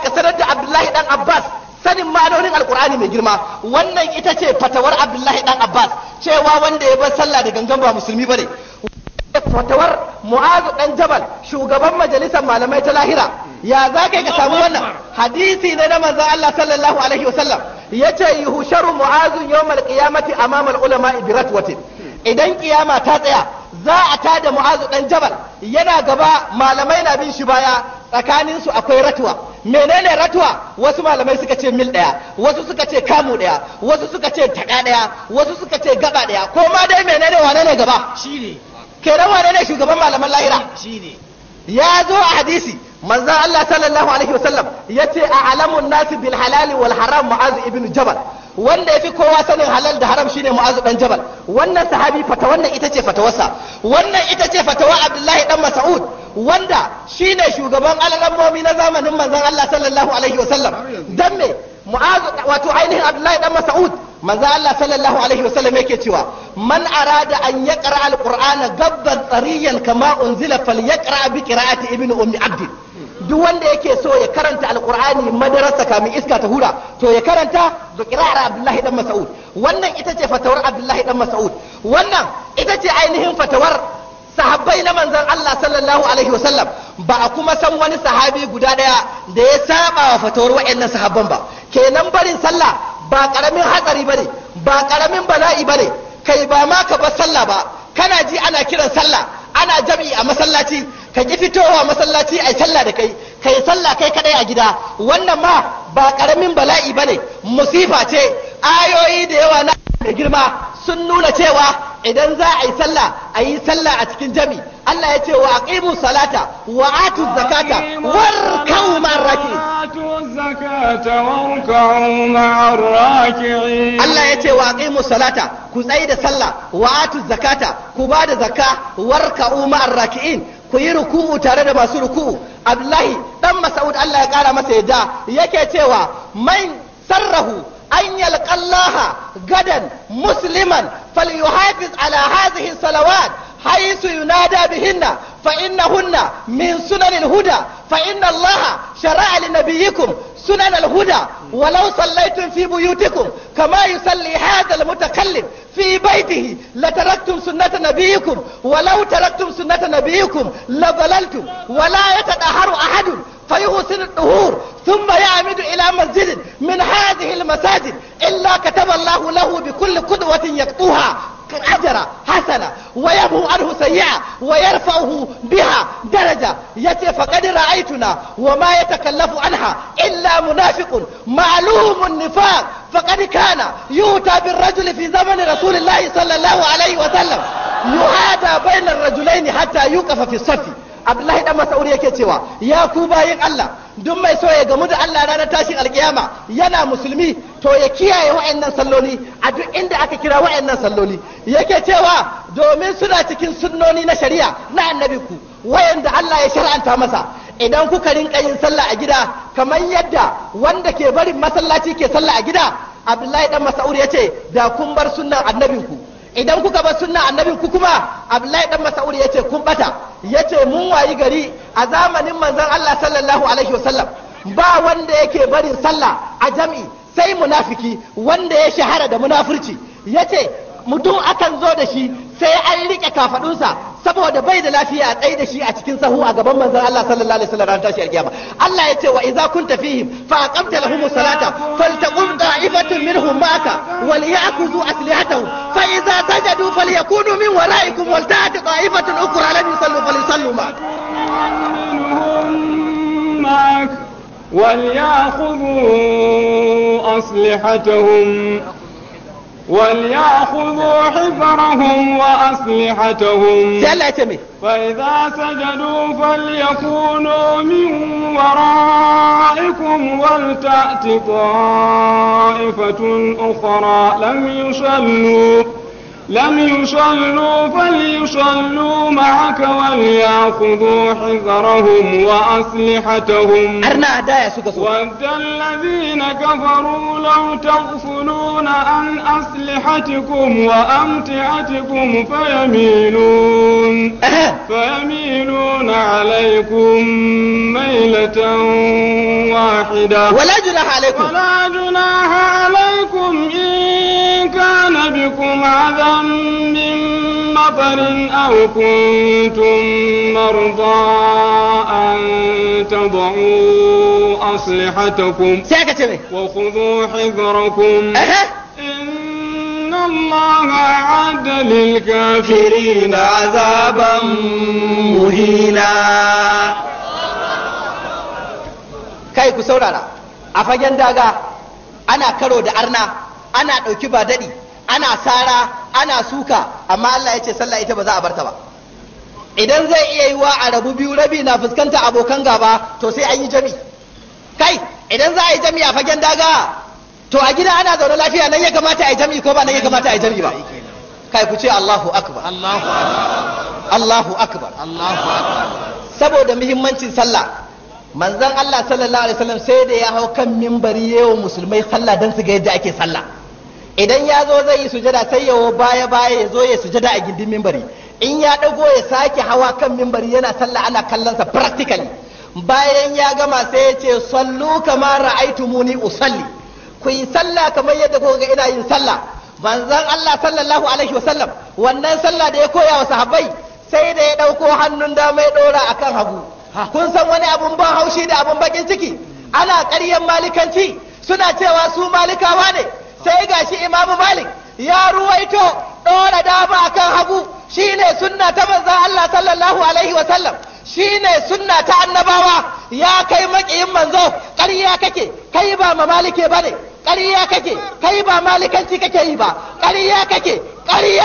ka sanar da Abdullahi dan Abbas sanin ma'anonin alkur'ani mai girma wannan ita ce fatawar Abdullahi dan Abbas cewa wanda ya bar sallah da gangan ba musulmi bane fatawar mu'azu dan jabal shugaban majalisar malamai ta lahira ya za ka samu wannan hadisi ne na manzon Allah sallallahu alaihi wasallam yace yuhsharu mu'azu yawmal qiyamati amama al-ulama ibrat watin idan kiyama ta tsaya za a tada mu'azu dan jabal yana gaba malamai na bin shi baya tsakanin su akwai ratuwa menene ratuwa wasu malamai suka ce mil ɗaya, wasu suka ce kamu ɗaya, wasu suka ce taka daya wasu suka ce gaba daya ko ma dai menene wane ne gaba shine kenan wane ne shugaban malaman lahira shine ya zo a hadisi manzon Allah sallallahu alaihi wasallam yace a alamun nasi bil halali wal haram mu'az ibn jabal wanda ya fi kowa sanin halal da haram shine mu'azu dan jabal wannan sahabi fata wannan ita ce fatawarsa wannan ita ce fatawa abdullahi dan mas'ud wanda shine shugaban alalammomi na zamanin manzon Allah sallallahu alaihi wasallam dan me mu'azu wato ainihin abdullahi dan mas'ud manzon Allah sallallahu alaihi wasallam yake cewa man arada an yaqra alqur'ana gabban tsariyan kama unzila falyaqra bi qira'ati ibnu ummi abd duk wanda yake so ya karanta alkur'ani madarasa kamin iska ta hura to ya karanta da abdullahi dan mas'ud wannan ita ce fatawar abdullahi dan mas'ud wannan ita ce ainihin fatawar sahabbai na manzon Allah sallallahu alaihi wasallam ba a kuma san wani sahabi guda daya da ya saba wa fatawar wayannan sahabban ba kenan barin sallah ba karamin hatsari bane ba karamin bala'i bane kai ba ma ka bar sallah ba kana ji ana kiran sallah ana jam'i a masallaci ka ki fitowa masallaci ai sallah da kai kai sallah kai kadai a gida wannan ma ba karamin bala'i bane musifa ce ayoyi da yawa na da girma sun nuna cewa idan za a yi sallah a yi sallah a cikin jami Allah ya ce wa aqimu salata wa atu zakata warkau marraki Allah واركعوا مع الراكعين salata, ku tsaida sallah, wa'atu zakata, ku ba da زكاة واركعوا مع الراكعين ku yi ruku'u tare da masu ruku'u abdullahi dan mas'ud Allah ya ƙara masa yadda yake cewa man sarrahu an yalqallaha gadan musliman falyuhafiz ala hadhihi salawat حيث ينادى بهن فإنهن من سنن الهدى فإن الله شرع لنبيكم سنن الهدى ولو صليتم في بيوتكم كما يصلي هذا المتكلم في بيته لتركتم سنة نبيكم ولو تركتم سنة نبيكم لضللتم ولا يتدهر أحد فيغسل الدهور ثم يعمد إلى مسجد من هذه المساجد إلا كتب الله له بكل قدوة يكتوها أجرا حسنا ويمهو عنه سيئة ويرفعه بها درجة يتي فقد رأيتنا وما يتكلف عنها إلا منافق معلوم النفاق فقد كان يؤتى بالرجل في زمن رسول الله صلى الله عليه وسلم يهادى بين الرجلين حتى يوقف في الصف abdullahi dan masauri yake cewa ya ku bayin allah duk mai so ya gamu da allah ranar tashin alkiyama yana musulmi to ya kiyaye wa'annan salloli a duk inda aka kira wa'annan salloli yake cewa domin suna cikin sunnoni na shari'a na annabi ku wayanda allah ya shar'anta masa idan kuka rinka yin sallah a gida kamar yadda wanda ke barin masallaci ke sallah a gida abdullahi dan masauri ya ce da kun bar sunnan annabinku idan kuka bar sunna annabi ku kuma abdullahi dan mas'ud yace kun bata yace mun wayi gari a zamanin manzon Allah sallallahu alaihi wasallam ba wanda yake barin sallah a jam'i sai munafiki wanda ya shahara da munafurci yace mutum akan zo da shi sai an rike kafadunsa saboda bai da lafiya a tsaye da shi a cikin sahu a gaban manzon Allah sallallahu alaihi wasallam ran tashi alkiyama Allah ya ce wa idza kunta fihim fa aqamta lahum salata faltaqum qa'ibatun minhum ma'aka wal ya'khudhu aslihatahum fa idza sajadu falyakunu min wara'ikum wal ta'ati qa'ibatun ukhra lam yusallu falyusallu ma'ak وليأخذوا أسلحتهم وليأخذوا حفرهم وأسلحتهم فإذا سجدوا فليكونوا من ورائكم ولتأت طائفة أخرى لم يصلوا لم يصلوا فليصلوا معك وليأخذوا حذرهم وأسلحتهم أرنا أدايا ود الذين كفروا لو تغفلون عن أسلحتكم وأمتعتكم فيميلون فيميلون عليكم ميلة واحدة ولا جناح عليكم ولا جناح عليكم عذا من مطر أو كنتم مرضى أن تضعوا أصلحتكم وخذوا حذركم إن الله أعد للكافرين عذابا مهينا kai ku saurara a fagen daga ana karo da arna ana ɗauki ba daɗi ana sara ana suka amma Allah ya ce sallah ita ba za a barta ba idan zai iya yi wa a rabu biyu rabi na fuskanta abokan gaba to sai an yi jami kai idan za a yi jami a fagen daga to a gida ana zaune lafiya nan ya kamata a yi jami ko ba nan ya kamata a yi jami ba kai ku ce Allahu akbar Allahu akbar Allahu akbar Allahu akbar saboda muhimmancin sallah manzon Allah sallallahu alaihi wasallam sai da ya hau kan mimbari yayin musulmai sallah dan su ga yadda ake sallah idan ya zo zai yi sujada sai yawo baya baya ya zo ya sujada a gindin mimbari in ya dago ya sake hawa kan mimbari yana sallah ana kallonsa practically bayan ya gama sai ya ce sallu kama ra'aitumuni usalli ku yi sallah kamar yadda kuka ga ina yin sallah manzon Allah sallallahu alaihi wasallam wannan sallah da ya koya wa sahabbai sai da ya dauko hannun dama ya dora akan hagu kun san wani abun ban haushi da abun bakin ciki ana ƙaryan malikanci suna cewa su malikawa ne sai ga shi imamu malik ya ruwaito ɗora dama kan hagu shine sunna ta manzon Allah sallallahu alaihi wa sallam ne sunna ta annabawa ya kai makiyin manzo ƙarya kake kai ba ma ba ne, ƙarya kake kai ba malikanci kake yi ba ƙarya kake ƙarya